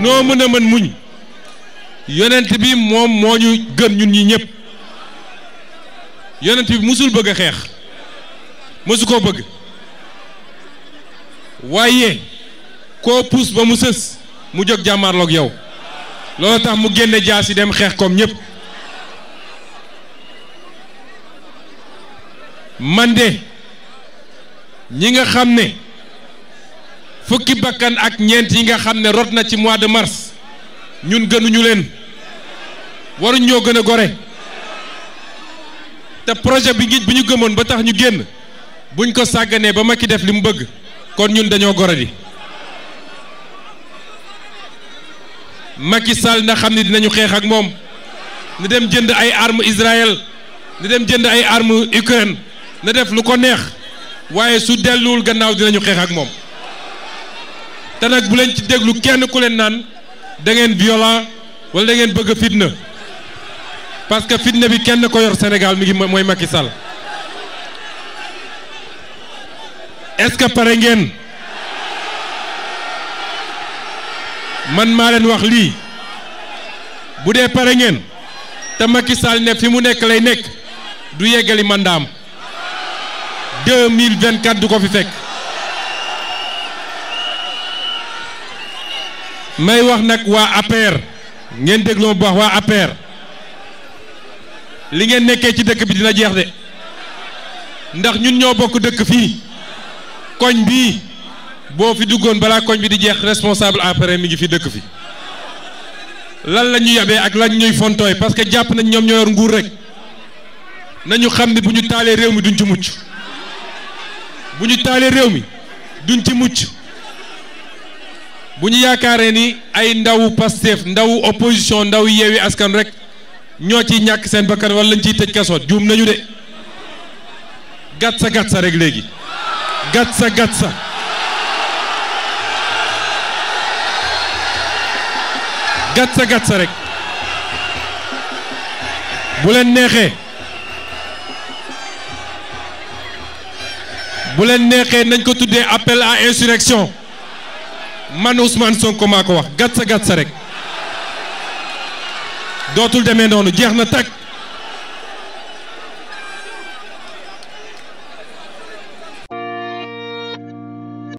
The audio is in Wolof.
noo mën a mën muñ yonent bi moom moo ñu gën ñun ñi ñëpp yonent bi mësul bëgg a xeex mësu koo bëgg waaye koo puus ba mu sës mu jóg jàmmaarloog yow loolu tax mu génne jaasi dem xeex comme ñëpp man de ñi nga xam ne fukki bakkan ak ñeent yi nga xam ne rot na ci mois de mars ñun gënuñu leen waruñ ñoo gën a gore te projet bi ngi bi ñu gëmoon ba tax ñu génn buñ ko sàgganee ba ki def li mu bëgg kon ñun dañoo gore mag ki Sall na xam ne dinañu xeex ak moom na dem jënd ay armes Israël na dem jënd ay arme Ukraine na def lu ko neex waaye su delluwul gannaaw dinañu xeex ak moom te nag bu leen ci déglu kenn ku leen naan da ngeen violent wala da ngeen bëgg fitna parce que fitna bi kenn ko yor Sénégal mi ngi mooy Macky Sall est-ce que pare ngeen man maa leen wax lii bu dee pare ngeen te Macky Sall ne fi mu nekk lay nekk du yeggali mandaam 2024 du ko fi fekk may wax nag waa APR ngeen déglu ma bu baax waa APR li ngeen nekkee ci dëkk bi dina jeex de ndax ñun ñoo bokk dëkk fii koñ bii boo fi duggoon balaa koñ bi di jeex responsable APR mi ngi fi dëkk fi lan la ñu yabee ak lan ñuy fontooy parce que jàpp nañ ñoom ñoo nguur rek nañu xam ne bu ñu taalee réew mi duñ ci mucc bu ñu taalee réew mi duñ ci mucc bu ñu yaakaaree ni ay ndawu Pastef ndawu opposition ndaw yeewi askan rek ñoo ci ñàkk seen bakkan wala lañ ciy tëj kaso juum nañu de gàtt sa gàtt sa rek léegi gàtt sa gàtt sa gàtt sa gàtt rek bu leen neexee bu leen neexee nañ ko tuddee appel à insurrection man Ousmane Sonko maa ko wax gàtt sa gàtt sa rek dootul demee noonu jeex na tàkk